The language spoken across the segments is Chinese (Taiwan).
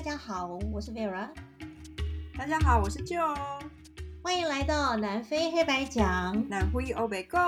大家好，我是 Vera。大家好，我是 Jo。歡迎來到南非黑白講，南非歐北共。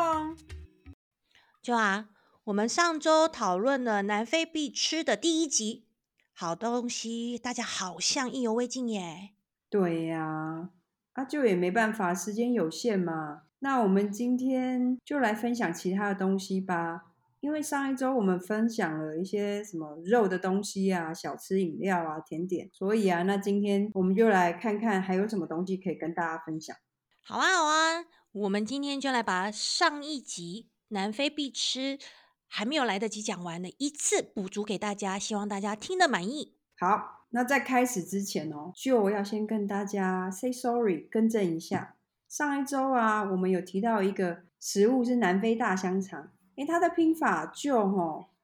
Jo 啊，我們上周討論了南非必吃的第一集，好東西，大家好像意猶未盡耶。對呀，啊，阿，啊，Jo 也沒辦法，時間有限嘛。那我們今天就來分享其他的東西吧。因為上一周我們分享了一些什麼肉的東西啊、小吃、飲料啊、甜點，所以啊，那今天我們就來看看還有什麼東西可以跟大家分享。好啊，好啊，我們今天就來把上一集南非必吃還沒有來得及講完的一次補足給大家，希望大家聽得滿意。好，那在開始之前哦，就要先跟大家 say sorry，更正一下。上一周啊，我們有提到一個食物是南非大香腸。因、欸、他的拼法就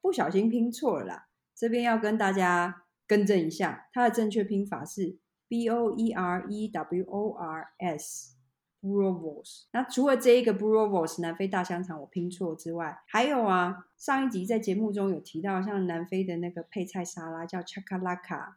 不小心拼錯了，這邊要跟大家更正一下，它的正確拼法是 B O E R E W O R S，Boerewors。那除了這一個 Boerewors 南非大香腸我拼錯之外，還有啊，上一集在節目中有提到，像南非的那個配菜沙拉叫 Chakalaka，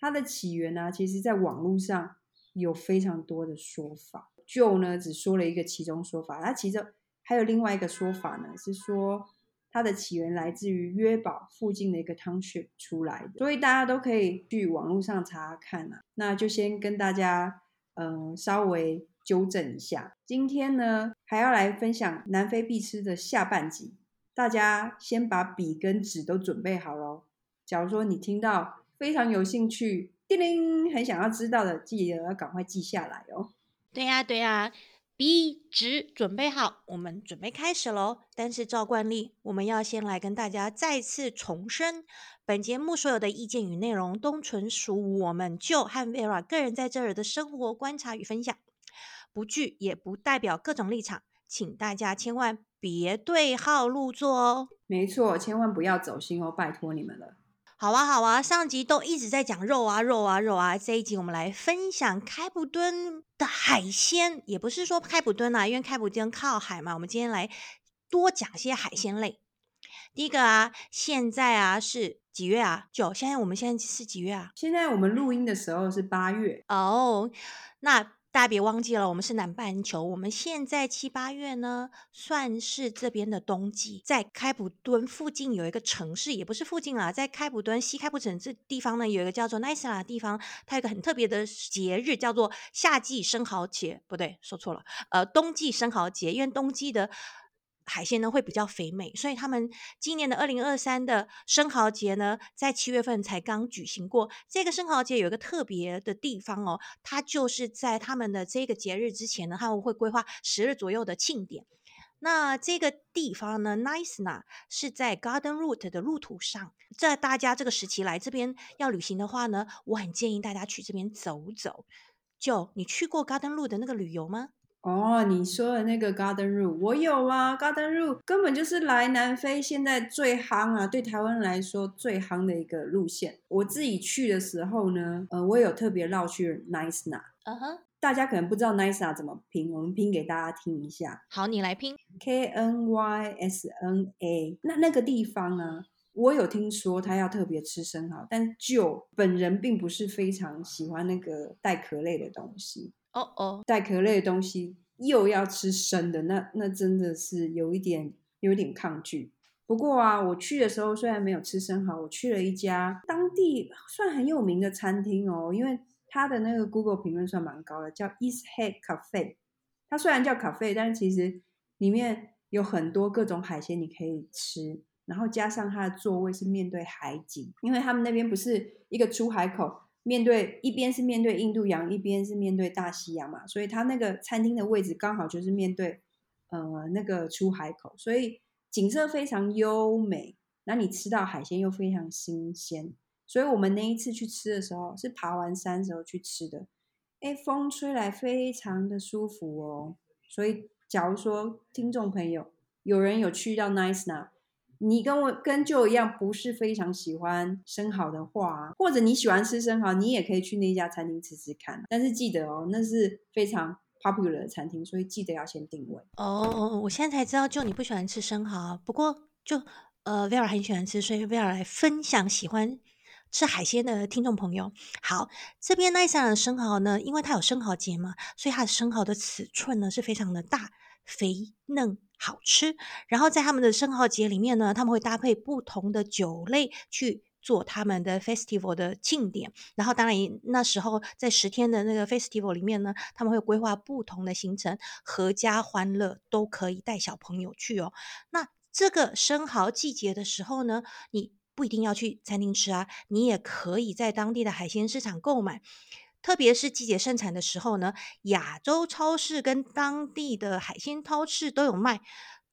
它的起源呢、啊，其實在網絡上有非常多的說法，Joe 呢只說了一個其中說法，他其實還有另外一個說法呢，是說它的起源來自於約堡附近的一個 township 出來的，所以大家都可以去網絡上查看啊。那就先跟大家嗯稍微糾正一下。今天呢還要來分享南非必吃的下半集，大家先把筆跟紙都準備好咯。假如說你聽到非常有興趣，叮鈴，很想要知道的，記得要趕快記下來哦。對呀，對呀。筆直準備好，我們準備開始嘍。但是照慣例，我們要先來跟大家再次重申，本節目所有的意見與內容都純屬我們就和 Vera 個人在這兒的生活觀察與分享，不具也不代表各種立場，請大家千萬別對號入座哦。沒錯，千萬不要走心哦，拜托你們了。好啊，好啊，上集都一直在講肉啊，肉啊，肉啊，這一集我們來分享開普敦的海鮮，也不是說開普敦啊，因為開普敦靠海嘛，我們今天來多講些海鮮類。第一個啊，現在啊是幾月啊？九。現在我們現在是幾月啊？現在我們錄音的時候是八月。哦，oh，那。大家別忘記了，我們是南半球。我們現在七八月呢，算是這邊的冬季。在開普敦附近有一個城市，也不是附近啊，在開普敦西開普城這地方呢，有一個叫做 Knysna 的地方，它有一個很特別的節日，叫做夏季生蠔節。不對，說錯了，呃，冬季生蠔節，因為冬季的。海鮮呢會比較肥美，所以他們今年的二零二三的生蠔節呢，在七月份才剛舉行過。這個生蠔節有一個特別的地方哦，它就是在他們的這個節日之前呢，他們會規劃十日左右的慶典。那這個地方呢，Knysna 呢是在 Garden Route 的路途上。在大家這個時期來這邊要旅行的話呢，我很建議大家去這邊走走。就你去過 Garden Route 的那個旅遊嗎？哦、oh，你說的那個 Garden Route 我有啊，Garden Route 根本就是來南非現在最夯啊，對台灣人來說最夯的一個路線。我自己去的時候呢，呃，我有特別繞去 Knysna 嗯哼，大家可能不知道 Knysna 怎麼拼，我們拼給大家聽一下。好，你來拼 K N Y S N A。那那個地方呢，我有聽說他要特別吃生蠔，但就本人並不是非常喜歡那個帶殼類的東西。哦、oh, 哦、oh，帶殼類的東西又要吃生的，那那真的是有一點有一點抗拒。不過啊，我去的時候雖然沒有吃生蠔，我去了一家當地算很有名的餐廳哦，因為它的那個 Google 評論算蠻高的，叫 East Head Cafe。它雖然叫 Cafe，但是其實裡面有很多各種海鮮你可以吃，然後加上它的座位是面對海景，因為他們那邊不是一個出海口，面對一邊是面對印度洋，一邊是面對大西洋嘛，所以它那個餐廳的位置剛好就是面對，呃，那個出海口，所以景色非常優美。那你吃到海鮮又非常新鮮，所以我們那一次去吃的時候，是爬完山的時候去吃的。哎，風吹來非常的舒服哦。所以，假如說聽眾朋友有人有去到 Knysna 你跟我跟舅一樣，不是非常喜歡生蠔的話，或者你喜歡吃生蠔，你也可以去那家餐廳吃吃看。但是記得哦，那是非常 popular 的餐廳，所以記得要先訂位哦。我現在才知道，舅你不喜歡吃生蠔，不過就呃，Vera 很喜歡吃，所以 Vera 來分享喜歡吃海鮮的聽眾朋友。好，這邊 Knysna 的生蠔呢，因為它有生蠔節嘛，所以它的生蠔的尺寸呢是非常的大，肥嫩。好吃，然後在他們的生蠔節裡面呢，他們會搭配不同的酒類去做他們的 festival 的慶典。然後當然，那時候在十天的那個 festival 裡面呢，他們會規劃不同的行程，闔家歡樂都可以帶小朋友去哦。那這個生蠔季節的時候呢，你不一定要去餐廳吃啊，你也可以在當地的海鮮市場購買。特別是季節盛產的時候呢，亞洲超市跟當地的海鮮超市都有賣。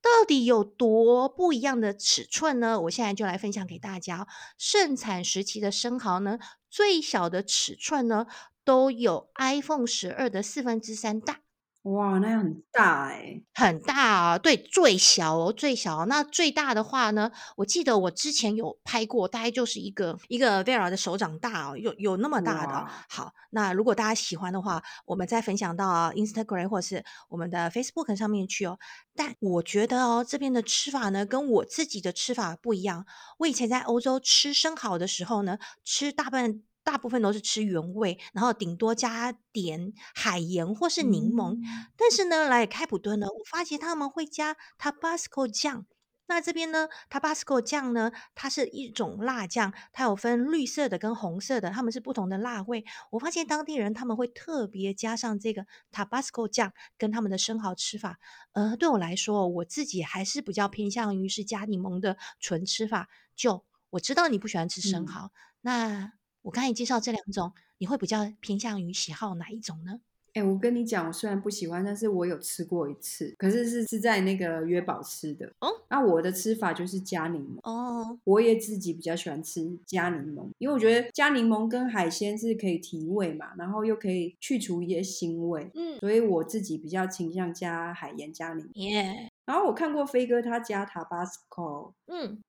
到底有多不一樣的尺寸呢？我現在就來分享給大家哦。盛產時期的生蠔呢，最小的尺寸呢，都有 iPhone 十二的四分之三大。哇，那樣很大誒、欸、很大啊！對，最小哦，最小、哦。那最大的話呢？我記得我之前有拍過，大概就是一個一個 Vera 的手掌大哦，有有那麼大的、哦。好，那如果大家喜歡的話，我們再分享到 Instagram 或是我們的 Facebook 上面去哦。但我覺得哦，這邊的吃法呢，跟我自己的吃法不一樣。我以前在歐洲吃生蠔的時候呢，吃大半。大部分都是吃原味，然後頂多加點海鹽或是檸檬。嗯嗯，但是呢，來開普敦呢，我發現他們會加 Tabasco 醬。那這邊呢，Tabasco 醬呢，它是一種辣醬，它有分綠色的跟紅色的，他們是不同的辣味。我發現當地人他們會特別加上這個 Tabasco 醬跟他們的生蠔吃法。呃，對我來說，我自己還是比較偏向於是加檸檬的純吃法。就我知道你不喜歡吃生蠔，嗯、那。我剛才介紹這兩種，你會比較偏向於喜好哪一種呢？欸、我跟你講，我雖然不喜歡，但是我有吃過一次，可是是是在那個約堡吃的。哦、oh? 啊，那我的吃法就是加檸檬。哦、oh.，我也自己比較喜歡吃加檸檬，因為我覺得加檸檬跟海鮮是可以提味嘛，然後又可以去除一些腥味。嗯、mm.，所以我自己比較傾向加海鹽加檸檬。耶、yeah.，然後我看過飛哥他加塔巴斯科。嗯，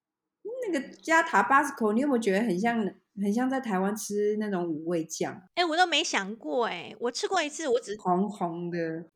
那個加塔巴斯科，你有沒有覺得很像？很像在台灣吃那種五味醬，哎、欸，我都沒想過、欸，哎，我吃過一次，我只是紅紅的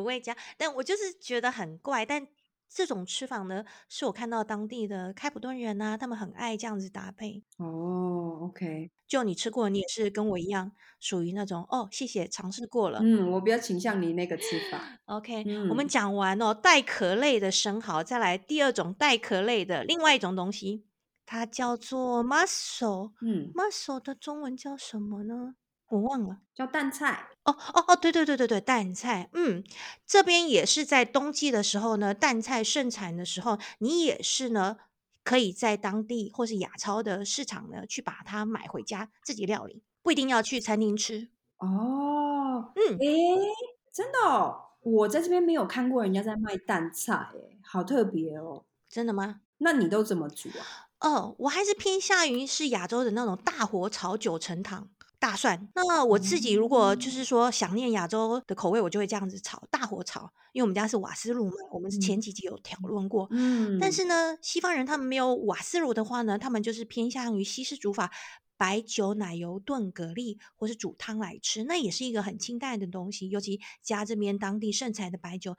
五 味醬，但我就是覺得很怪。但這種吃法呢，是我看到當地的開普敦人啊，他們很愛這樣子搭配。哦，OK，就你吃過，你也是跟我一樣，屬於那種哦，謝謝嘗試過了。嗯，我比較傾向你那個吃法。 OK，、嗯、我們講完哦、喔，帶殼類的生蠔，再來第二種帶殼類的另外一種東西。它叫做 mussel，嗯，mussel 的中文叫什麼呢？我忘了，叫淡菜。哦哦哦，對對對對對，淡菜。嗯，這邊也是在冬季的時候呢，淡菜盛產的時候，你也是呢，可以在當地或是亞超的市場呢，去把它買回家自己料理，不一定要去餐廳吃。哦、oh，嗯，哎，真的哦，我在這邊沒有看過人家在賣淡菜，哎，好特別哦。真的嗎？那你都怎麼煮啊？哦，我還是偏向於是亞洲的那種大火炒九層塔大蒜。那麼我自己如果就是說想念亞洲的口味，我就會這樣子炒，大火炒。因為我們家是瓦斯爐嘛，我們是前幾集有討論過。嗯，但是呢，西方人他們沒有瓦斯爐的話呢，他們就是偏向於西式煮法，白酒奶油燉蛤蜊，或是煮湯來吃，那也是一個很清淡的東西。尤其家這邊當地盛產的白酒，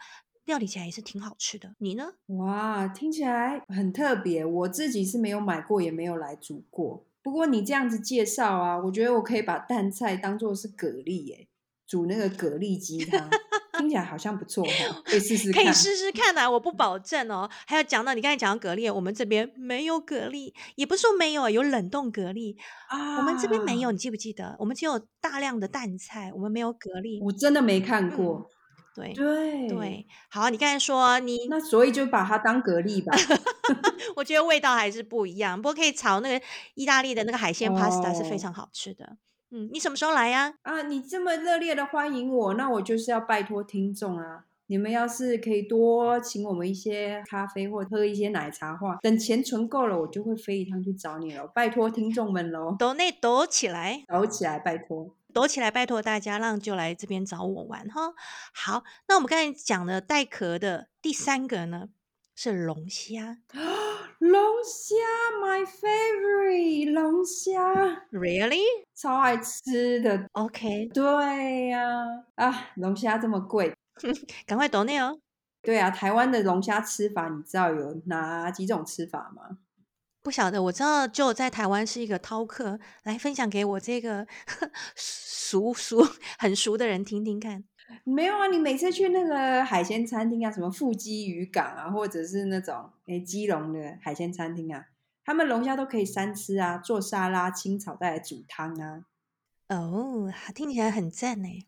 料理起來也是挺好吃的，你呢？哇，聽起來很特別。我自己是沒有買過，也沒有來煮過。不過你這樣子介紹啊，我覺得我可以把淡菜當做是蛤蜊耶，煮那個蛤蜊雞湯， 聽起來好像不錯， 可以試試看，可以試試看啊！我不保證哦。還有講到你剛才講到蛤蜊，我們這邊沒有蛤蜊，也不是說沒有，有冷凍蛤蜊、啊、我們這邊沒有。你記不記得？我們只有大量的淡菜，我們沒有蛤蜊。我真的沒看過。嗯對對，對，好，你剛才說、啊、你那，所以就把它當蛤蜊吧。 我覺得味道還是不一樣，不過可以炒那個意大利的那個海鮮 pasta 是非常好吃的。哦、嗯，你什麼時候來呀、啊？啊，你這麼熱烈的歡迎我，那我就是要拜托聽眾啊，你們要是可以多請我們一些咖啡或喝一些奶茶話，等錢存夠了，我就會飛一趟去找你了。拜托聽眾們嘍，抖內抖起來，抖起來，拜托。躲起來，拜托大家，浪就來這邊找我玩哈。好，那我們剛才講的帶殼的第三個呢是龍蝦。龍蝦，my favorite，龍蝦。Really？超愛吃的。OK。對呀、啊。啊，龍蝦這麼貴，趕 快躲內哦。對啊，台灣的龍蝦吃法，你知道有哪幾種吃法嗎？我不曉得，我知道就在台灣是一個饕客，來分享給我這個呵熟熟很熟的人聽聽看。沒有啊，你每次去那個海鮮餐廳啊，什麼富基漁港啊，或者是那種誒、欸、基隆的海鮮餐廳啊，他們龍蝦都可以三吃啊，做沙拉、清炒、再來煮湯啊。哦、oh，聽起來很讚誒、欸。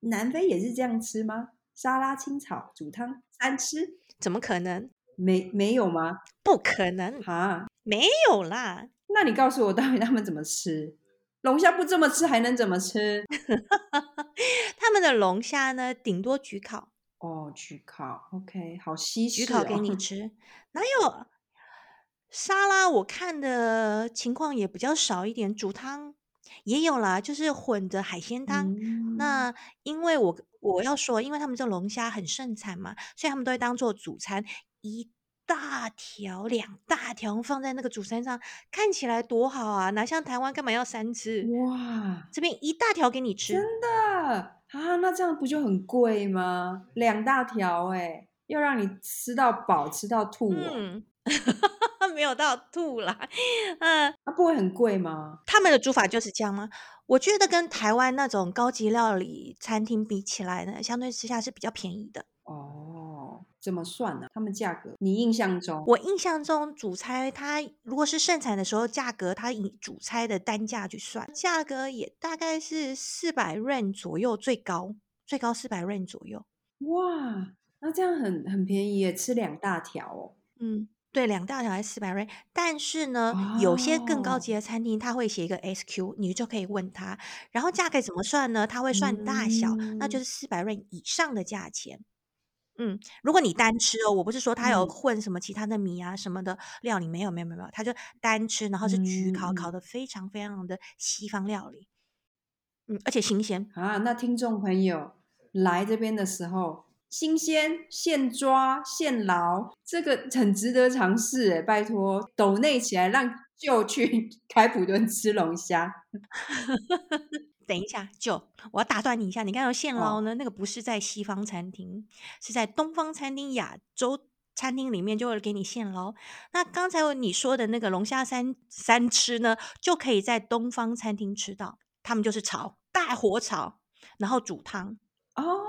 南非也是這樣吃嗎？沙拉、清炒、煮湯，三吃？怎麼可能？沒沒有嗎？不可能啊，沒有啦。那你告訴我，到底他們怎麼吃龍蝦？不這麼吃還能怎麼吃？ 他們的龍蝦呢？頂多焗烤哦，焗烤。OK，好稀奇、哦。焗烤給你吃，哦、哪有沙拉？我看的情況也比較少一點。煮湯也有啦，就是混的海鮮湯。嗯、那因為我我要說，因為他們這龍蝦很盛產嘛，所以他們都會當做主餐。一大條，兩大條放在那個主山上，看起來多好啊！哪像台灣，幹嘛要三吃？哇，這邊一大條給你吃，真的啊？那這樣不就很貴嗎？兩大條、欸，哎，又讓你吃到飽，吃到吐嗯， 沒有到吐啦。嗯、呃，那、啊、不會很貴嗎？他們的煮法就是這樣嗎、啊？我覺得跟台灣那種高級料理餐廳比起來呢，相對之下是比較便宜的哦。怎麼算呢、啊？他們價格，你印象中？我印象中主菜它如果是盛產的時候，價格它以主菜的單價去算，價格也大概是四百 Rand 左右最，最高最高四百 Rand 左右。哇，那這樣很很便宜，耶，吃兩大條哦。嗯，對，兩大條還是四百 Rand。但是呢，有些更高級的餐廳他會寫一個 SQ，你就可以問他，然後價格怎麼算呢？他會算大小，嗯、那就是四百 Rand 以上的價錢。嗯，如果你單吃哦，我不是說他有混什麼其他的米啊什麼的料理，嗯、沒有沒有沒有沒有，他就單吃，然後是焗烤，烤的非常非常的西方料理，嗯、而且新鮮啊。那聽眾朋友來這邊的時候，新鮮，現抓，現撈，這個很值得嘗試，拜託抖內起來，讓舅去開普敦吃龍蝦。 等一下，就我要打斷你一下。你剛剛有現撈呢、哦，那個不是在西方餐廳，是在東方餐廳、亞洲餐廳裡面就會給你現撈。那剛才你說的那個龍蝦三三吃呢，就可以在東方餐廳吃到，他們就是炒，大火炒，然後煮湯。哦，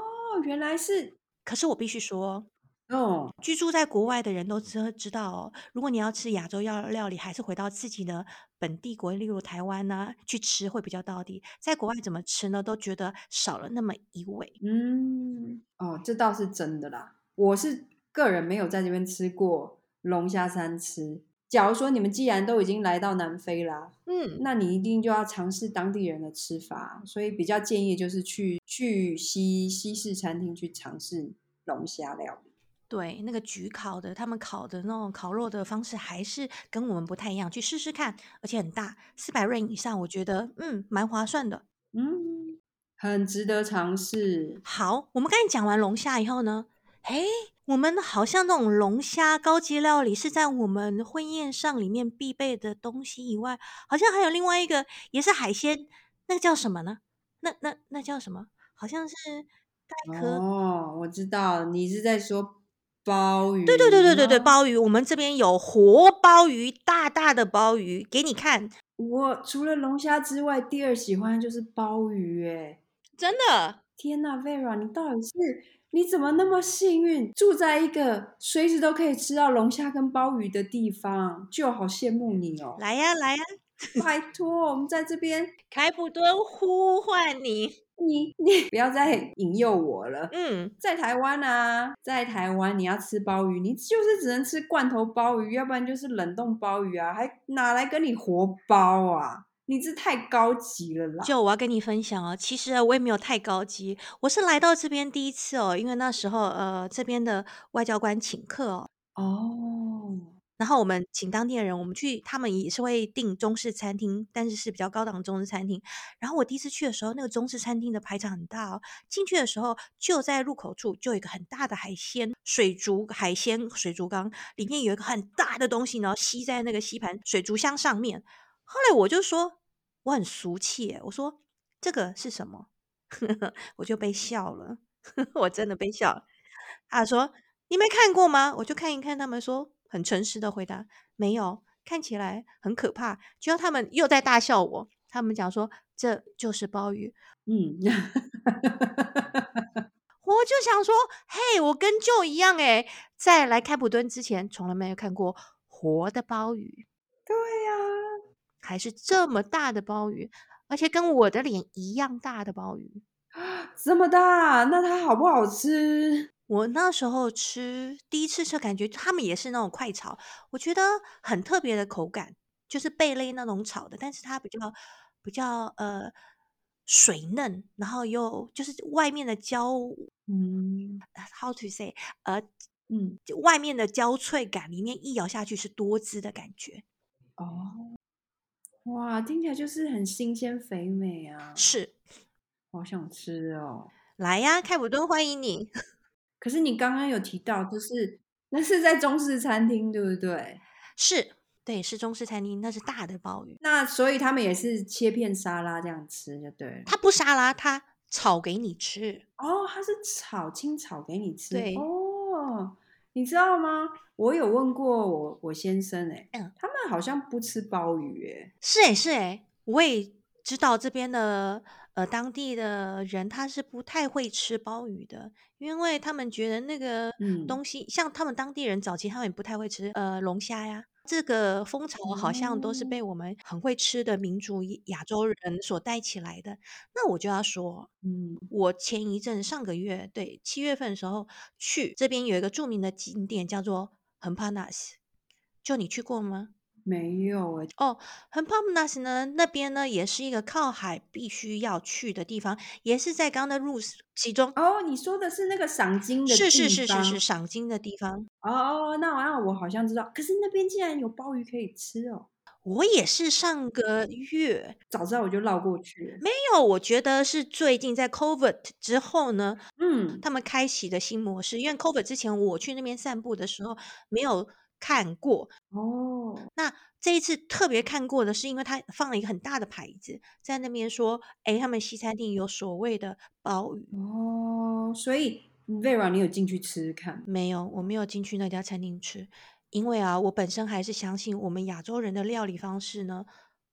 原來是，可是我必須說。哦、oh，居住在國外的人都知知道、哦，如果你要吃亞洲料料理，還是回到自己的本地國，例如台灣呢、啊，去吃會比較道地。在國外怎麼吃呢？都覺得少了那麼一味。嗯，哦，這倒是真的啦。我是個人沒有在這邊吃過龍蝦三吃。假如說你們既然都已經來到南非啦，嗯，那你一定就要嘗試當地人的吃法，所以比較建議就是去去西西式餐廳去嘗試龍蝦料理。對，那個焗烤的，他們烤的那種烤肉的方式還是跟我們不太一樣，去試試看，而且很大，四百瑞以上，我覺得嗯蠻划算的，嗯，很值得嘗試。好，我們剛才講完龍蝦以後呢，哎，我們好像那種龍蝦高級料理是在我們婚宴上裡面必備的東西以外，好像還有另外一個也是海鮮，那個叫什麼呢？那那那叫什麼？好像是帶殼。哦，我知道你是在說。鮑魚，對對對對對對，鮑魚，我們這邊有活鮑魚，大大的鮑魚，給你看。我除了龍蝦之外，第二喜歡的就是鮑魚，哎，真的。天哪，Vera，你到底是你怎麼那麼幸運，住在一個隨時都可以吃到龍蝦跟鮑魚的地方，就好羨慕你哦。來呀來呀，拜託，我們在這邊，開普敦呼喚你。.你你不要再引誘我了，嗯，在台灣啊，在台灣你要吃鮑魚，你就是只能吃罐頭鮑魚，要不然就是冷凍鮑魚啊，還哪來跟你活鮑啊？你這太高級了啦！就我要跟你分享哦，其實我也沒有太高級，我是來到這邊第一次哦，因為那時候呃這邊的外交官請客哦。哦。然後我們請當地的人，我們去，他們也是會訂中式餐廳，但是是比較高檔的中式餐廳。然後我第一次去的時候，那個中式餐廳的排場很大哦。進去的時候，就在入口處就有一個很大的海鮮水族海鮮水族缸，裡面有一個很大的東西呢，吸在那個吸盤水族箱上面。後來我就說我很俗氣耶，我說這個是什麼？ 我就被笑了， 我真的被笑了。他說你沒看過嗎？我就看一看，他們說。很誠實的回答，沒有，看起來很可怕。結果他們又在大笑我，他們講說，這就是鮑魚，嗯， 我就想說，嘿，我跟舅一樣誒，在來開普敦之前從來沒有看過活的鮑魚，對呀、啊，還是這麼大的鮑魚，而且跟我的臉一樣大的鮑魚啊，這麼大，那它好不好吃？我那時候吃第一次吃，感覺他們也是那種快炒，我覺得很特別的口感，就是貝類那種炒的，但是它比較比較呃水嫩，然後又就是外面的焦，嗯，嗯，how to say，呃，嗯，外面的焦脆感，裡面一咬下去是多汁的感覺。哦，哇，聽起來就是很新鮮肥美啊！是，好想吃哦！來呀、啊，開普敦歡迎你。可是你剛剛有提到，就是那是在中式餐廳，對不對？是，對，是中式餐廳，那是大的鮑魚，那所以他們也是切片沙拉這樣吃，就對？他不沙拉，他炒給你吃哦，他是炒清炒給你吃，哦你吃對哦。你知道嗎？我有問過我我先生、欸，誒、嗯，他們好像不吃鮑魚、欸，誒。是誒、欸，是誒、欸，我也知道這邊的。呃，當地的人他是不太會吃鮑魚的，因為他們覺得那個東西，嗯、像他們當地人早期他們也不太會吃，呃，龍蝦呀，這個風潮好像都是被我們很會吃的民族亞洲人所帶起來的。嗯、那我就要說，嗯，我前一陣上個月，對，七月份的時候去這邊有一個著名的景點叫做橫帕納斯，就你去過嗎？沒有誒，哦 Hermanus 呢？那邊呢也是一個靠海必須要去的地方，也是在剛剛的路其中。哦、oh，你說的是那個賞鯨的地方，是是是是是賞鯨的地方。哦，那我我好像知道，可是那邊竟然有鮑魚可以吃哦。我也是上個月，早知道我就繞過去。沒有，我覺得是最近在 COVID 之後呢嗯，嗯，他們開啟的新模式，因為 COVID 之前我去那邊散步的時候沒有。看過哦，oh. 那這一次特別看過的是，因為他放了一個很大的牌子在那邊說，誒、欸、他們西餐廳有所謂的鮑魚“寶語”哦，所以 Vera，你有進去吃,吃看、嗯？沒有，我沒有進去那家餐廳吃，因為啊，我本身還是相信我們亞洲人的料理方式呢，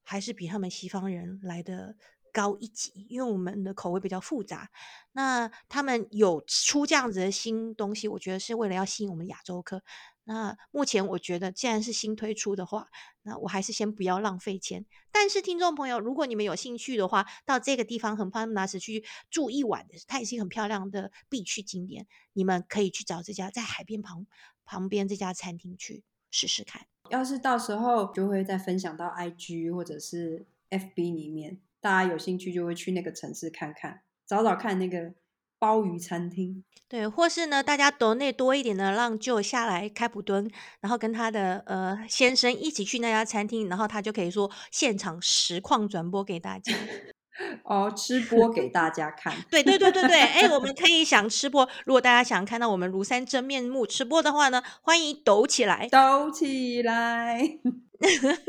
還是比他們西方人來的。高一級，因為我們的口味比較複雜。那他們有出這樣子的新東西，我覺得是為了要吸引我們亞洲客。那目前我覺得，既然是新推出的話，那我還是先不要浪費錢。但是聽眾朋友，如果你們有興趣的話，到這個地方 Knysna 去住一晚的，它也是很漂亮的必去景點。你們可以去找這家在海邊旁旁邊這家餐廳去試試看。要是到時候就會再分享到 IG 或者是 FB 裡面。大家有興趣就會去那個城市看看，找找看那個鮑魚餐廳。對，或是呢，大家抖內多一點呢，讓 Jo 下來開普敦，然後跟他的呃先生一起去那家餐廳，然後他就可以說現場實況轉播給大家， 哦，吃播給大家看。 對對對對對，哎、欸，我們可以想吃播。 如果大家想看到我們廬山真面目吃播的話呢，歡迎抖起來，抖起來。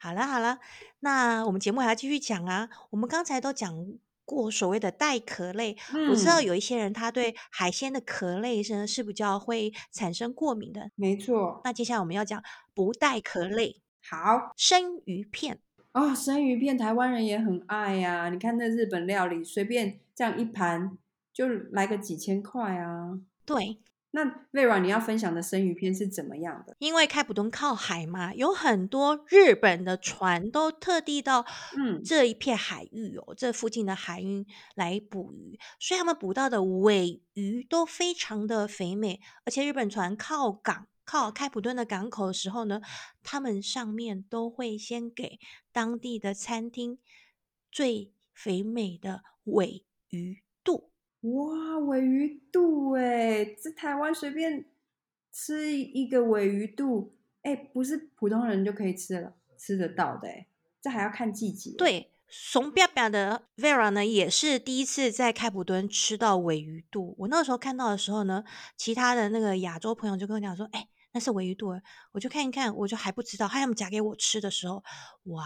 好了好了。那我們節目還要繼續講啊！我們剛才都講過所謂的帶殼類，嗯、我知道有一些人他對海鮮的殼類是是比較會產生過敏的。沒錯，那接下來我們要講不帶殼類，好，生魚片啊、哦，生魚片台灣人也很愛呀、啊！你看那日本料理，隨便這樣一盤就來個幾千塊啊。對。那薇若，你要分享的生魚片是怎麼樣的？因為開普敦靠海嘛，有很多日本的船都特地到嗯這一片海域哦、嗯，這附近的海域來捕魚，所以他們捕到的鮪魚都非常的肥美。而且日本船靠港、靠開普敦的港口的時候呢，他們上面都會先給當地的餐廳最肥美的鮪魚。哇，鮪魚肚哎！這台灣隨便吃一個鮪魚肚，哎、欸，不是普通人就可以吃了，吃得到的哎，這還要看季節。對，慫的 Vera 呢，也是第一次在開普敦吃到鮪魚肚。我那個時候看到的時候呢，其他的那個亞洲朋友就跟我講說，哎、欸，那是鮪魚肚，我就看一看，我就還不知道。他們夾給我吃的時候，哇，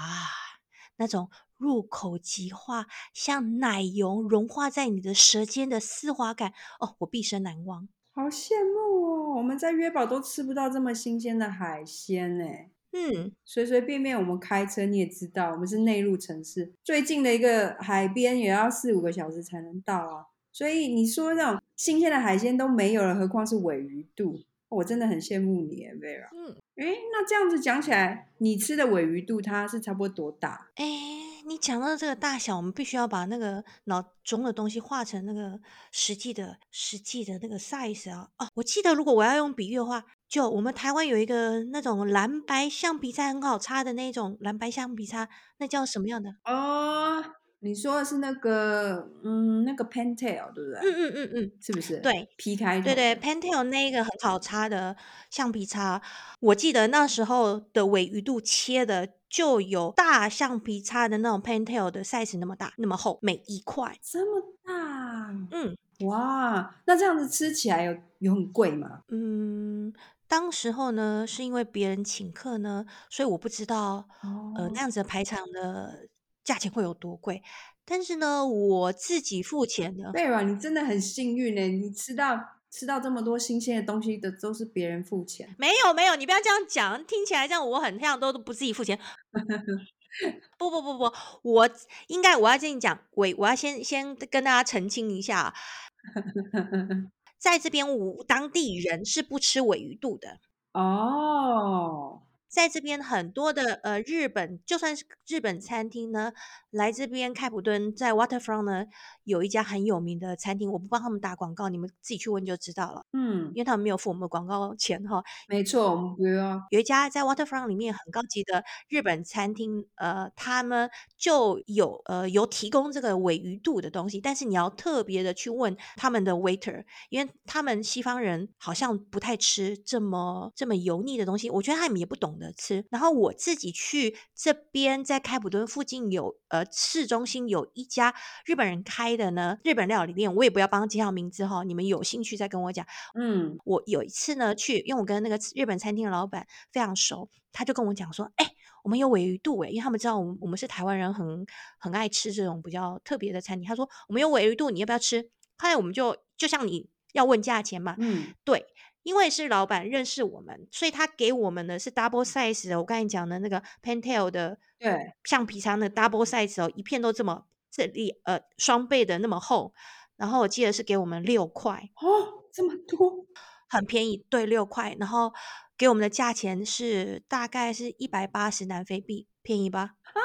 那種。入口即化，像奶油融化在你的舌尖的絲滑感，哦，我畢生難忘。好羨慕哦，我們在約堡都吃不到這麼新鮮的海鮮呢。嗯，隨隨便便我們開車，你也知道，我們是內陸城市，最近的一個海邊也要四五個小時才能到啊。所以你說這種新鮮的海鮮都沒有了，何況是鮪魚肚，哦？我真的很羨慕你耶，Vera。嗯、欸，那這樣子講起來，你吃的鮪魚肚它是差不多多大？欸你講到這個大小，我們必須要把那個腦中的東西畫成那個實際的、實際的那個 size 啊！哦，我記得如果我要用比喻的話，就我們台灣有一個那種藍白橡皮擦很好擦的那種藍白橡皮擦，那叫什麼樣的？哦，你說的是那個，嗯，那個 Pentel 對不對？嗯嗯嗯嗯，是不是？對，劈開對對 Pentel 那一個很好擦的橡皮擦，我記得那時候的鮪魚肚切的。就有大橡皮擦的那種 pentail 的 size 那麼大，那麼厚，每一塊這麼大，嗯，哇，那這樣子吃起來有有很貴嗎？嗯，當時候呢是因為別人請客呢，所以我不知道，哦、呃，那樣子的排場的價錢會有多貴，但是呢，我自己付錢的，對吧？你真的很幸運哎、欸，你吃到。吃到這麼多新鮮的東西的都是別人付錢，沒有沒有，你不要這樣講，聽起來這樣我很像都不自己付錢。 不不不不，我應該我要跟你講，我我要先先跟大家澄清一下、啊， 在這邊我當地人是不吃鮪魚肚的哦。Oh. 在這邊很多的呃日本，就算是日本餐廳呢，來這邊開普敦在 Waterfront 呢，有一家很有名的餐廳，我不幫他們打廣告，你們自己去問就知道了。嗯，因為他們沒有付我們的廣告錢哈。沒錯，哦、我們、啊。有一家在 Waterfront 裡面很高級的日本餐廳，呃，他們就有呃有提供這個鮪魚肚的東西，但是你要特別的去問他們的 waiter，因為他們西方人好像不太吃這麼這麼油膩的東西，我覺得他們也不懂的。吃，然後我自己去這邊，在開普敦附近有呃市中心有一家日本人開的呢，日本料理店，我也不要幫介紹名字哈。你們有興趣再跟我講。嗯，我有一次呢去，因為我跟那個日本餐廳的老闆非常熟，他就跟我講說，哎、欸，我們有鮪魚肚、欸、因為他們知道我們我們是台灣人很，很很愛吃這種比較特別的餐廳。他說我們有鮪魚肚，你要不要吃？後來我們就就像你要問價錢嘛，嗯，對。因為是老闆認識我們，所以他給我們的是 double size 的，哦。我剛才講的那個 Pentel 的，對，橡皮擦的 double size 哦，一片都這麼這裡呃雙倍的那麼厚。然後我記得是給我們六塊哦，這麼多，很便宜。對，六塊。然後給我們的價錢是大概是一百八十南非幣，便宜吧？啊，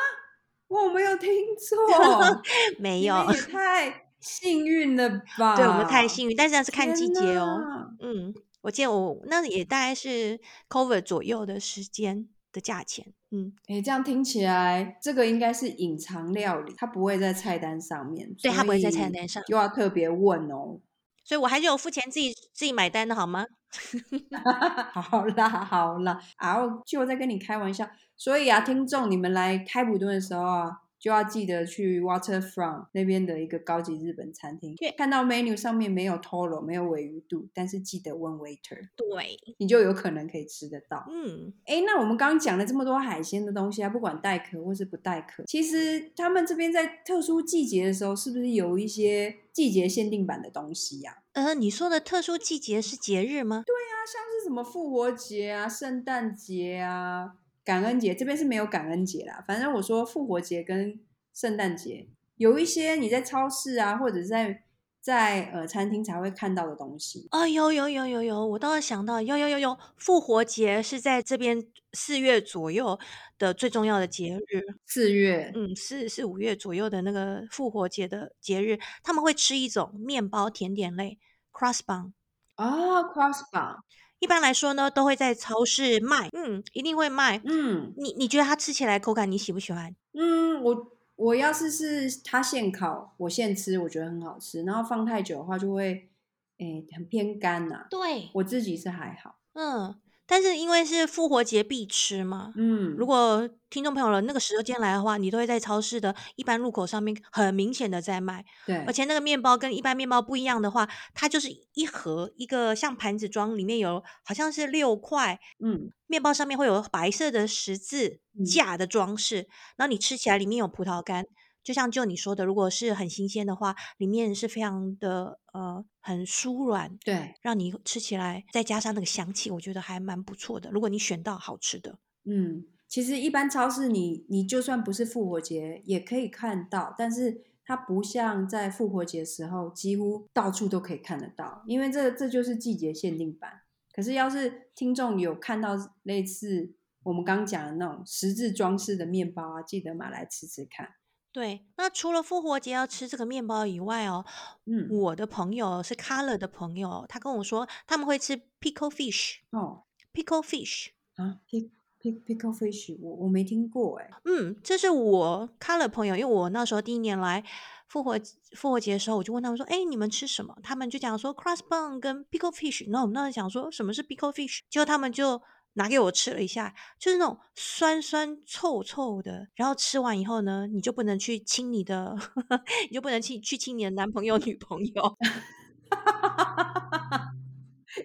我沒有聽錯， 沒有，也太幸運了吧？對，我們太幸運，但是要是看季節哦，嗯。我記得我那也大概是 COVID 左右的時間的價錢，嗯，誒、欸、這樣聽起來，這個應該是隱藏料理，它不會在菜單上面，對，它不會在菜單，單上，又要特別問哦，所以我還是有付錢自己自己買單的好嗎？ 好啦好啦，啊，就我在跟你開玩笑，所以啊，聽眾你們來開普敦的時候啊。就要記得去 Waterfront 那邊的一個高級日本餐廳，yeah. 看到 menu 上面沒有 Toro, 沒有鮪魚肚。但是記得問 waiter，對，你就有可能可以吃得到。嗯，哎，那我們剛剛講了這麼多海鮮的東西啊，不管帶殼或是不帶殼，其實他們這邊在特殊季節的時候，是不是有一些季節限定版的東西呀、啊？呃，你說的特殊季節是節日嗎？對呀、啊，像是什麼復活節啊、聖誕節啊。感恩節這邊是沒有感恩節啦，反正我說復活節跟聖誕節，有一些你在超市啊或者是在在呃餐廳才會看到的東西。啊、哦，有有有有有，我倒是想到，有有有有，有，復活節是在這邊四月左右的最重要的節日。四月，嗯，四、五月左右的那個復活節的節日，他們會吃一種麵包甜點類，cross bun。啊，cross bun。哦 cross bun 一般來說呢，都會在超市賣。嗯，一定會賣。嗯，你你覺得它吃起來口感，你喜不喜歡？嗯，我我要是是它現烤，我現吃，我覺得很好吃。然後放太久的話，就會，哎、欸，很偏乾吶、啊。對，我自己是還好。嗯。但是因為是復活節必吃嘛，嗯，如果聽眾朋友了那個時間來的話，你都會在超市的一般入口上面很明顯的在賣，對，而且那個麵包跟一般麵包不一樣的話，它就是一盒一個像盤子裝，裡面有好像是六塊，嗯，麵包上面會有白色的十字架的裝飾，嗯，然後你吃起來裡面有葡萄乾。就像就你說的，如果是很新鮮的話，裡面是非常的呃很酥軟，對，讓你吃起來，再加上那個香氣，我覺得還蠻不錯的。如果你選到好吃的，嗯，其實一般超市你你就算不是復活節也可以看到，但是它不像在復活節的時候幾乎到處都可以看得到，因為這這就是季節限定版。可是要是聽眾有看到類似我們剛講的那種十字裝飾的面包啊，記得買來吃吃看。對，那除了復活節要吃這個麵包以外哦，嗯，我的朋友是 Color 的朋友，他跟我說他們會吃 pickle fish 哦，pickle fish 啊，pick pick pickle fish，我我沒聽過哎、欸。嗯，這是我 Color 朋友，因為我那時候第一年來復活復活節的時候，我就問他們說，哎、欸，你們吃什麼？他們就講說 cross bun 跟 pickle fish。那我們當時想說什麼是 pickle fish，結果他們就。拿給我吃了一下，就是那種酸酸臭臭的。然後吃完以後呢，你就不能去親你的， 你就不能去去親你的男朋友女朋友，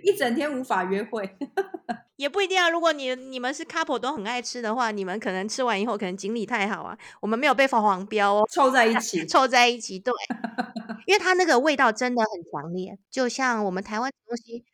一整天無法約會。 也不一定啊，如果你你們是 couple 都很愛吃的話，你們可能吃完以後可能精力太好啊，我們沒有被發黃標、哦，湊在一起，湊 在一起，對，因為它那個味道真的很強烈，就像我們台灣的東西。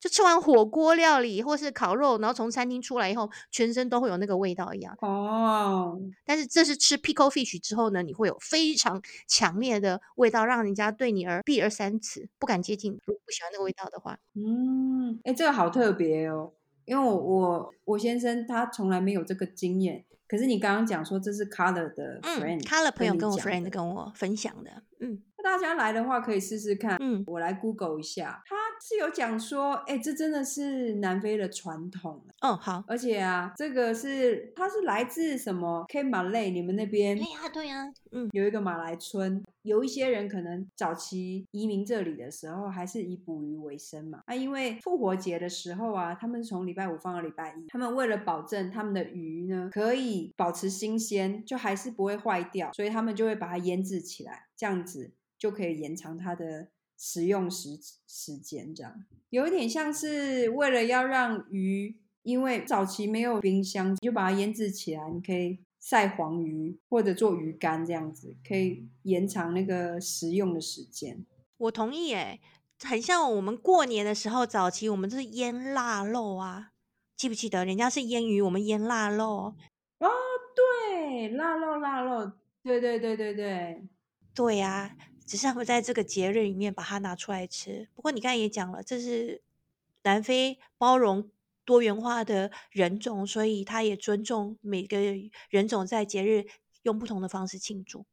就吃完火鍋料理或是烤肉，然後從餐廳出來以後，全身都會有那個味道一樣。哦、oh.，但是這是吃 pickled fish 之後呢，你會有非常強烈的味道，讓人家對你而避而三尺，不敢接近。如果不喜歡那個味道的話，嗯，哎、欸，這個好特別哦，因為我我我先生他從來沒有這個經驗，可是你剛剛講說這是 color 的 friend，color、嗯、朋友跟我 friend 跟我分享的，嗯。大家來的話可以試試看。嗯，我來 Google 一下，他是有講說，誒、欸、這真的是南非的傳統嗯，哦，好，而且啊，這個是它是來自什麼？Cape Malay，你們那邊對呀，對呀，嗯，有一個馬來村，有一些人可能早期移民這裡的時候，還是以捕魚為生嘛。那、啊、因為復活節的時候啊，他們從禮拜五放到禮拜一，他們為了保證他們的魚呢可以保持新鮮，就還是不會壞掉，所以他們就會把它醃制起來，這樣子。就可以延長它的食用時時間，這樣有一點像是為了要讓魚，因為早期沒有冰箱，就把它醃制起來。你可以曬黃魚或者做魚乾，這樣子可以延長那個食用的時間。我同意，欸，哎，很像我們過年的時候，早期我們就是醃臘肉啊，記不記得？人家是醃魚，我們醃臘肉。哦，對，臘肉，臘肉，對對對對對對呀。對啊。只是他們在這個節日裡面把它拿出來吃。不過你剛才也講了，這是南非包容多元化的人種，所以他也尊重每個人種在節日用不同的方式慶祝，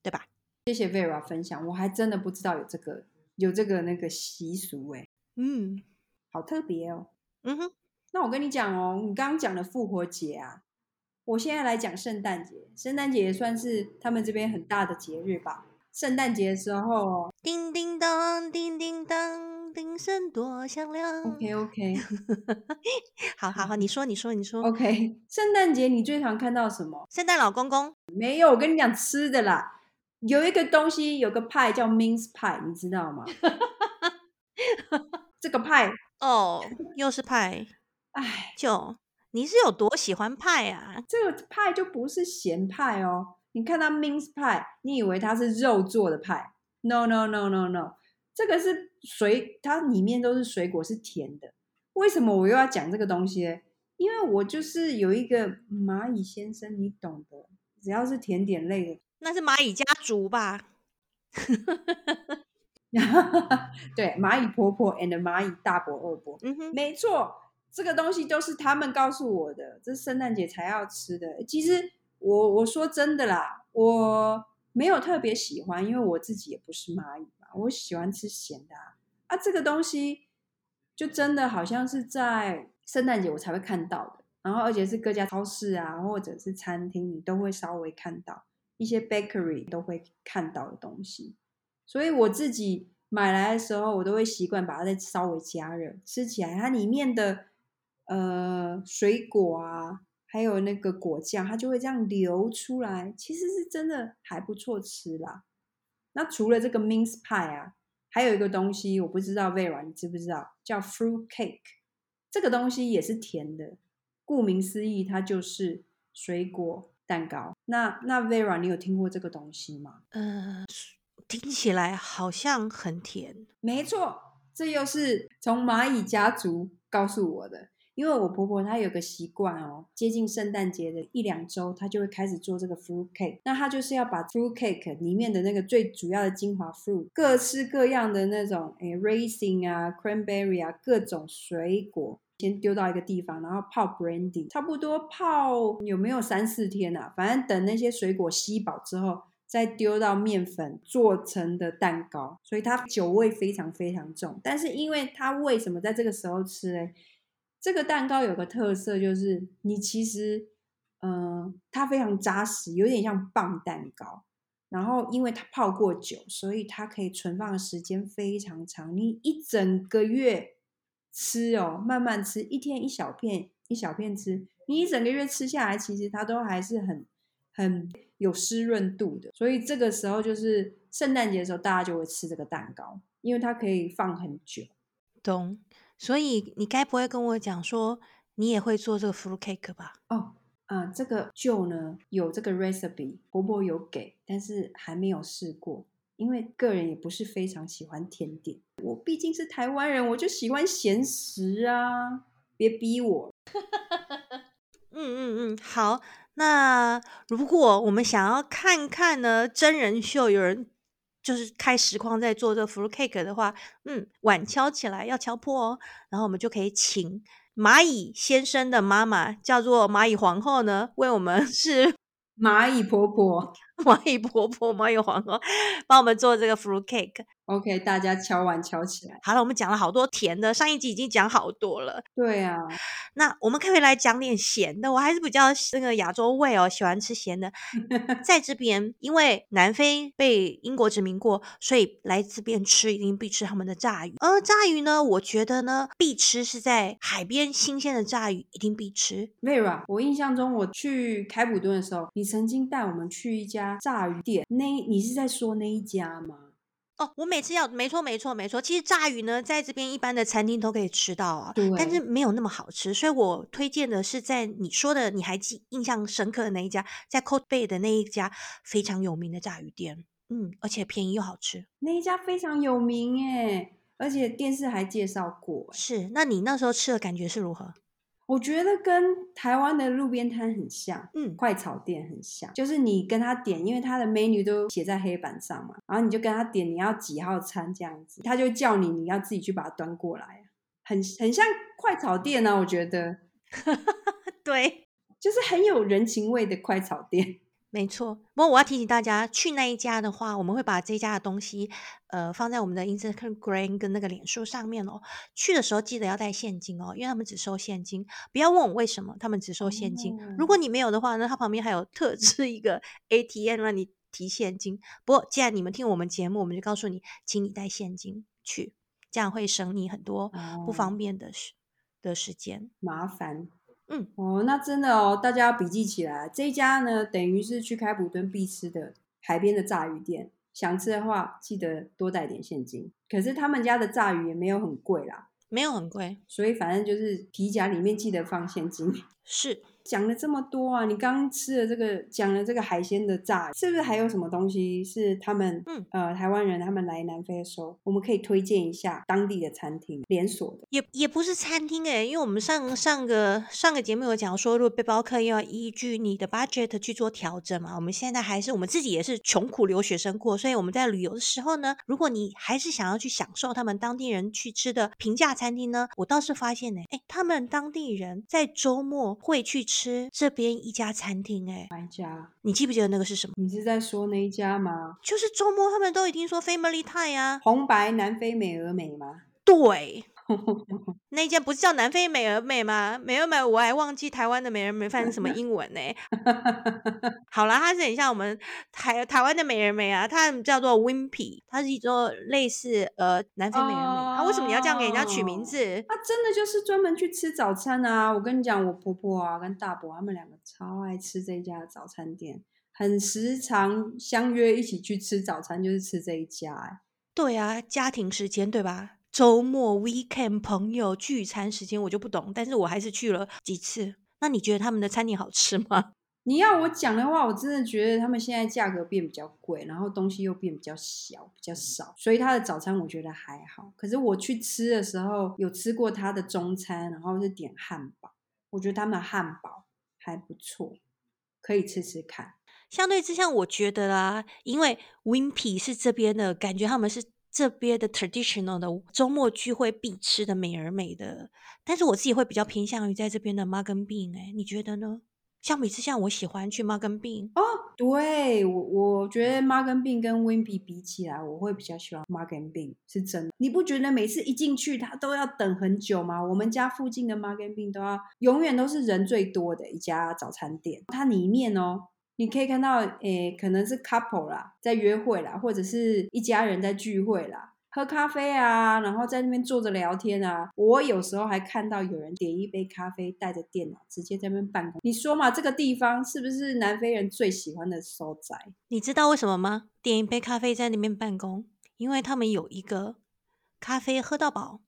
對吧？謝謝 Vera 分享，我還真的不知道有這個有這個那個習俗、欸、嗯，好特別哦。嗯哼，那我跟你講哦，你剛剛講的復活節啊，我現在來講聖誕節，聖誕節也算是他們這邊很大的節日吧。聖誕節的時候、哦，叮叮噹，叮叮噹，鈴聲多響亮。OK OK， 好好好，你說你說你說。OK，聖誕節你最常看到什麼？聖誕老公公沒有，我跟你講吃的啦。有一個東西，有個派叫 Mince 派，你知道嗎？ 這個派哦， oh, 又是派，哎， 就你是有多喜歡派啊？這個派就不是鹹派哦。你看它 mince pie，你以為它是肉做的派？No no no no no，這個是水，它裡面都是水果，是甜的。為什麼我又要講這個東西呢？因為我就是有一個螞蟻先生，你懂得。只要是甜點類的，那是螞蟻家族吧？ 對，螞蟻婆婆 and 螞蟻大伯二伯。嗯哼，沒錯，這個東西都是他們告訴我的，這聖誕節才要吃的。其實。我我說真的啦，我沒有特別喜歡，因為我自己也不是螞蟻嘛。我喜歡吃鹹的啊。啊，這個東西就真的好像是在聖誕節我才會看到的，然後而且是各家超市啊，或者是餐廳你都會稍微看到一些 bakery 都會看到的東西，所以我自己買來的時候，我都會習慣把它再稍微加熱，吃起來它裡面的呃水果啊。還有那個果醬，它就會這樣流出來，其實是真的還不錯吃啦。那除了這個 mince pie 啊，還有一個東西，我不知道 Vera 你知不知道，叫 fruit cake，這個東西也是甜的。顧名思義，它就是水果蛋糕。那那 Vera，你有聽過這個東西嗎？嗯、呃，聽起來好像很甜。沒錯，這又是從螞蟻家族告訴我的。因為我婆婆她有個習慣哦，接近聖誕節的一兩周，她就會開始做這個 fruit cake。那她就是要把 fruit cake 裡面的那個最主要的精華 fruit，各式各樣的那種，欸，racing 啊，cranberry 啊，各種水果，先丟到一個地方，然後泡 brandy，差不多泡有沒有三四天吶，啊？反正等那些水果吸飽之後，再丟到面粉做成的蛋糕，所以它酒味非常非常重。但是因為它為什麼在這個時候吃嘞？這個蛋糕有個特色，就是你其實，嗯、呃，它非常紮實，有點像磅蛋糕。然後因為它泡過酒，所以它可以存放時間非常長。你一整個月吃哦，慢慢吃，一天一小片，一小片吃。你一整個月吃下來，其實它都還是很很有濕潤度的。所以這個時候就是聖誕節的時候，大家就會吃這個蛋糕，因為它可以放很久。懂。所以你該不會跟我講說你也會做這個 fruit cake 吧？哦，啊，這個就呢有這個 recipe，婆婆有給，但是還沒有試過，因為個人也不是非常喜歡甜點。我畢竟是台灣人，我就喜歡鹹食啊，別逼我。 嗯嗯嗯，好，那如果我們想要看看呢真人秀有人，就是開實況在做這個 fruit cake 的話，嗯，碗敲起來要敲破哦，然後我們就可以請螞蟻先生的媽媽，叫做螞蟻皇後呢，為我們是螞蟻婆婆，螞蟻婆婆，螞蟻皇後，幫我們做這個 fruit cake。OK，大家敲碗敲起來。好了，我們講了好多甜的，上一集已經講好多了。對啊，那我們可以來講點鹹的。我還是比較那個亞洲胃哦，喜歡吃鹹的。 在這邊，因為南非被英國殖民過，所以來這邊吃一定必吃他們的炸魚。而炸魚呢，我覺得呢，必吃是在海邊新鮮的炸魚，一定必吃。Vera，我印象中我去開普敦的時候，你曾經帶我們去一家炸魚店，那你是在說那一家嗎？哦，我每次要，沒錯沒錯沒錯，其實炸魚呢，在這邊一般的餐廳都可以吃到啊。對。但是沒有那麼好吃，所以我推薦的是在你說的你還記印象深刻的那一家，在 Kalk Bay 的那一家非常有名的炸魚店，嗯，而且便宜又好吃。那一家非常有名誒、欸，而且電視還介紹過、欸。是，那你那時候吃的感覺是如何？我覺得跟台灣的路邊攤很像，嗯，快炒店很像，就是你跟他點，因為他的 menu 都寫在黑板上嘛，然後你就跟他點你要幾號餐這樣子，他就叫你，你要自己去把它端過來，很很像快炒店啊，我覺得， 對，就是很有人情味的快炒店。沒錯，不過我要提醒大家，去那一家的話，我們會把這一家的東西，呃，放在我們的 Instagram、跟那個臉書上面哦。去的時候記得要帶現金哦，因為他們只收現金。不要問我為什麼他們只收現金。嗯、如果你沒有的話呢，那他旁邊還有特制一個 ATM 讓你提現金。不過既然你們聽我們節目，我們就告訴你，請你帶現金去，這樣會省你很多不方便的時的時間、嗯、麻煩。嗯，哦，那真的哦，大家要筆記起來，這一家呢，等於是去開普敦必吃的海邊的炸魚店，想吃的話記得多帶點現金。可是他們家的炸魚也沒有很貴啦，沒有很貴，所以反正就是皮夾裡面記得放現金，是。講了這麼多啊，你剛剛吃了這個，講了這個海鮮的炸，是不是還有什麼東西是他們，嗯、呃，台灣人他們來南非的時候，我們可以推薦一下當地的餐廳連鎖的，也也不是餐廳誒、欸，因為我們上上個上個節目有講說，如果背包客要依據你的 budget 去做調整嘛，我們現在還是我們自己也是窮苦留學生過，所以我們在旅遊的時候呢，如果你還是想要去享受他們當地人去吃的平價餐廳呢，我倒是發現呢、欸，哎、欸，他們當地人在週末會去。吃這邊一家餐廳、欸，哎，哪一家？你記不記得那個是什麼？你是在說那一家嗎？就是周末他們都已經說 family time 啊，紅白南非美而美嗎？對。 那家不是叫南非美而美嗎？美而美，我還忘記台灣的美而美翻譯成什麼英文呢、欸？ 好啦，它是很像我們台台灣的美而美啊，它叫做 Wimpy，它是一座類似呃南非美而美、哦、啊。為什麼你要這樣給人家取名字？它、啊、真的就是專門去吃早餐啊！我跟你講，我婆婆啊跟大伯他們兩個超愛吃這一家的早餐店，很時常相約一起去吃早餐，就是吃這一家、欸。哎，對啊，家庭時間對吧？週末 weekend 朋友聚餐時間，我就不懂，但是我還是去了幾次。那你覺得他們的餐廳好吃嗎？你要我講的話，我真的覺得他們現在價格變比較貴，然後東西又變比較小、比較少。所以他的早餐我覺得還好。可是我去吃的時候，有吃過他的中餐，然後是點漢堡，我覺得他們漢堡還不錯，可以吃吃看。相對之下，我覺得啦、啊，因為 Wimpy 是這邊的感覺，他們是。這邊的 traditional 的週末聚會必吃的美而美的，但是我自己會比較偏向於在這邊的 Mugg and Bean，哎你覺得呢？相比之下，我喜歡去 Mugg and Bean 哦，對我，我覺得 Mugg and Bean 跟 Wimpy 比起來，我會比較喜歡 Mugg and Bean，是真的，你不覺得每次一進去，它都要等很久嗎？我們家附近的 Mugg and Bean 都要，永遠都是人最多的一家早餐店，它裡面哦。你可以看到，誒，可能是 couple 啦，在約會啦，或者是一家人在聚會啦，喝咖啡啊，然後在那邊坐着聊天啊。我有時候還看到有人點一杯咖啡，帶着電腦直接在那邊辦公。你說嘛，這個地方是不是南非人最喜歡的所在？你知道為什麼嗎？點一杯咖啡在那邊辦公，因為他們有一個咖啡喝到飽。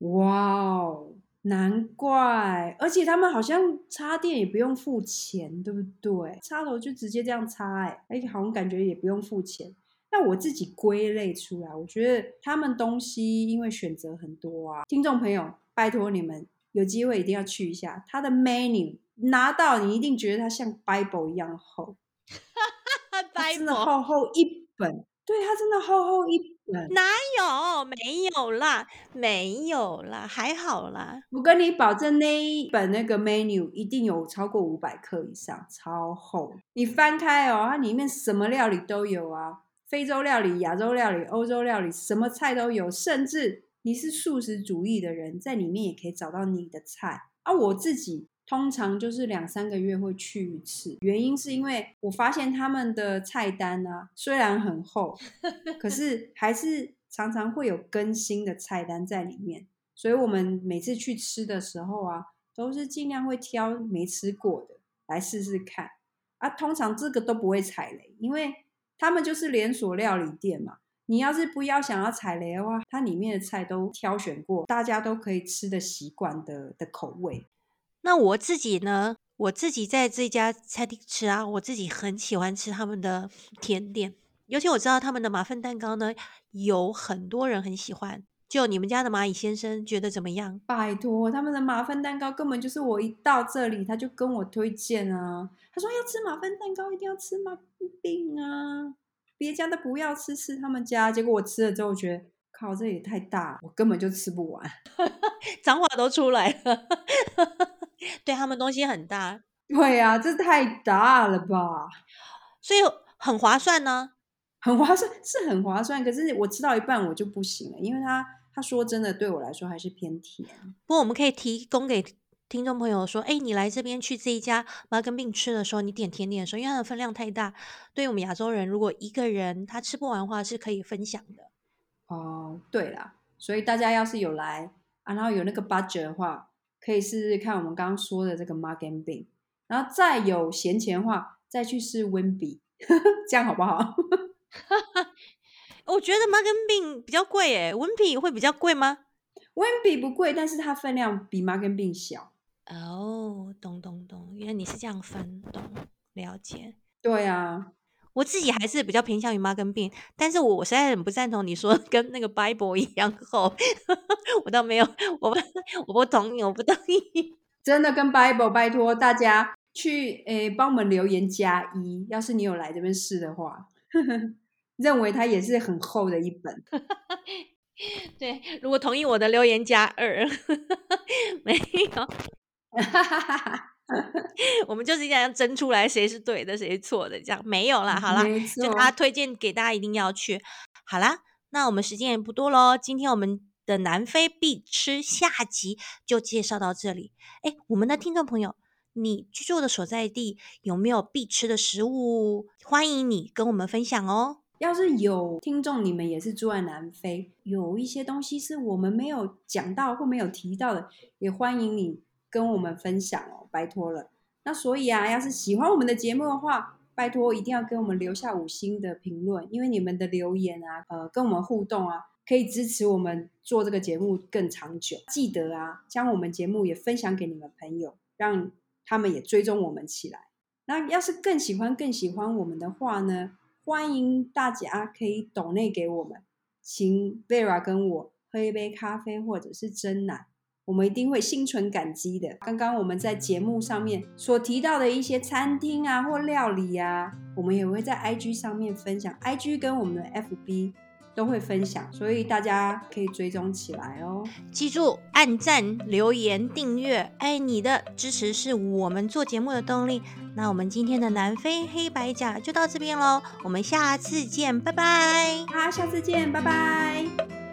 哇哦！難怪，而且他們好像插電也不用付錢，對不對？插頭就直接這樣插，欸，哎，哎，好像感覺也不用付錢。那我自己歸類出來，我覺得他們東西因為選擇很多啊，聽眾朋友，拜託你們有機會一定要去一下，他的 menu 拿到你一定覺得它像 Bible 一樣厚， 真的厚厚一本，對，它真的厚厚一本。嗯、哪有？沒有啦，沒有啦，還好啦。我跟你保證，那一本那個 menu 一定有超過五百克以上，超厚。你翻開哦，它裡面什麼料理都有啊，非洲料理、亞洲料理、歐洲料理，什麼菜都有。甚至你是素食主義的人，在裡面也可以找到你的菜。啊，我自己。通常就是兩三個月會去一次，原因是因為我發現他們的菜單呢、啊、雖然很厚，可是還是常常會有更新的菜單在裡面，所以我們每次去吃的時候啊，都是盡量會挑沒吃過的來試試看啊。通常這個都不會踩雷，因為他們就是連鎖料理店嘛。你要是不要想要踩雷的話，它裡面的菜都挑選過，大家都可以吃得習慣的的口味。那我自己呢？我自己在這家餐廳吃啊，我自己很喜歡吃他們的甜點，尤其我知道他們的馬芬蛋糕呢，有很多人很喜歡。就你們家的螞蟻先生覺得怎麼樣？拜托，他們的馬芬蛋糕根本就是我一到這裡他就跟我推薦啊，他說要吃馬芬蛋糕一定要吃馬芬餅啊，別家的不要吃，吃他們家。結果我吃了之後，我覺得靠，這也太大，我根本就吃不完，髒 話都出來了。 對，他們東西很大，對呀、啊，這太大了吧，所以很划算呢、啊，很划算是很划算，可是我吃到一半我就不行了，因為他他說真的對我來說還是偏甜。不過我們可以提供給聽眾朋友說，哎，你來這邊去這一家 Mugg and Bean 吃的時候，你點甜點的時候，因為它的分量太大，對於我們亞洲人如果一個人他吃不完的話是可以分享的。哦，對了，所以大家要是有來啊，然後有那個 budget 的話。可以試試看我們剛剛說的這個 Mugg and Bean，然後再有閒錢的話，再去試 Wimpy，這樣好不好？ 我覺得 Mugg and Bean 比較貴誒，Wimpy 會比較貴嗎？Wimpy 不貴，但是它分量比 Mugg and Bean 小。哦，懂懂懂，原來你是這樣分，懂了解。對啊。我自己還是比較偏向於 Mugg and Bean，但是我我實在很不贊同你說跟那個《Bible》一樣厚呵呵，我倒沒有，我不我不同意，我不同意，真的跟《Bible》，拜託大家去誒、欸、幫我們留言加一，要是你有來這邊試的話呵呵，認為它也是很厚的一本， 對，如果同意我的留言加二，沒有。 我們就是想要爭出來誰是對的，誰是錯的，這樣沒有啦，好啦，就他推薦給大家一定要去。好啦，那我們時間也不多嘍。今天我們的南非必吃下集就介紹到這裡。哎、欸，我們的聽眾朋友，你居住的所在地有沒有必吃的食物？歡迎你跟我們分享哦。要是有聽眾，你們也是住在南非，有一些東西是我們沒有講到或沒有提到的，也歡迎你。跟我們分享哦，拜託了。那所以啊，要是喜歡我們的節目的話，拜託一定要給我們留下五星的評論，因為你們的留言啊，呃，跟我們互動啊，可以支持我們做這個節目更長久。記得啊，將我們節目也分享給你們朋友，讓他們也追蹤我們起來。那要是更喜歡、更喜歡我們的話呢，歡迎大家可以抖內給我們，請 Vera 跟我喝一杯咖啡或者是珍奶。我們一定會心存感激的。剛剛我們在節目上面所提到的一些餐廳啊或料理啊，我們也會在 IG 上面分享，IG 跟我們的 FB 都會分享，所以大家可以追蹤起來哦。記住按讚、留言、訂閱，誒，你的支持是我們做節目的動力。那我們今天的南非黑白講就到這邊嘍，我們下次見，拜拜。好，下次見，拜拜。